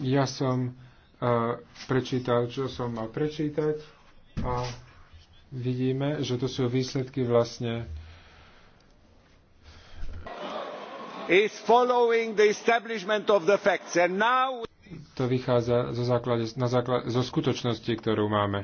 Ja som uh, prečítal, čo som mal prečítať a vidíme, že to sú výsledky vlastne is following the establishment of the facts and now to vychádza zo, základe, na základe, zo skutočnosti, ktorú máme.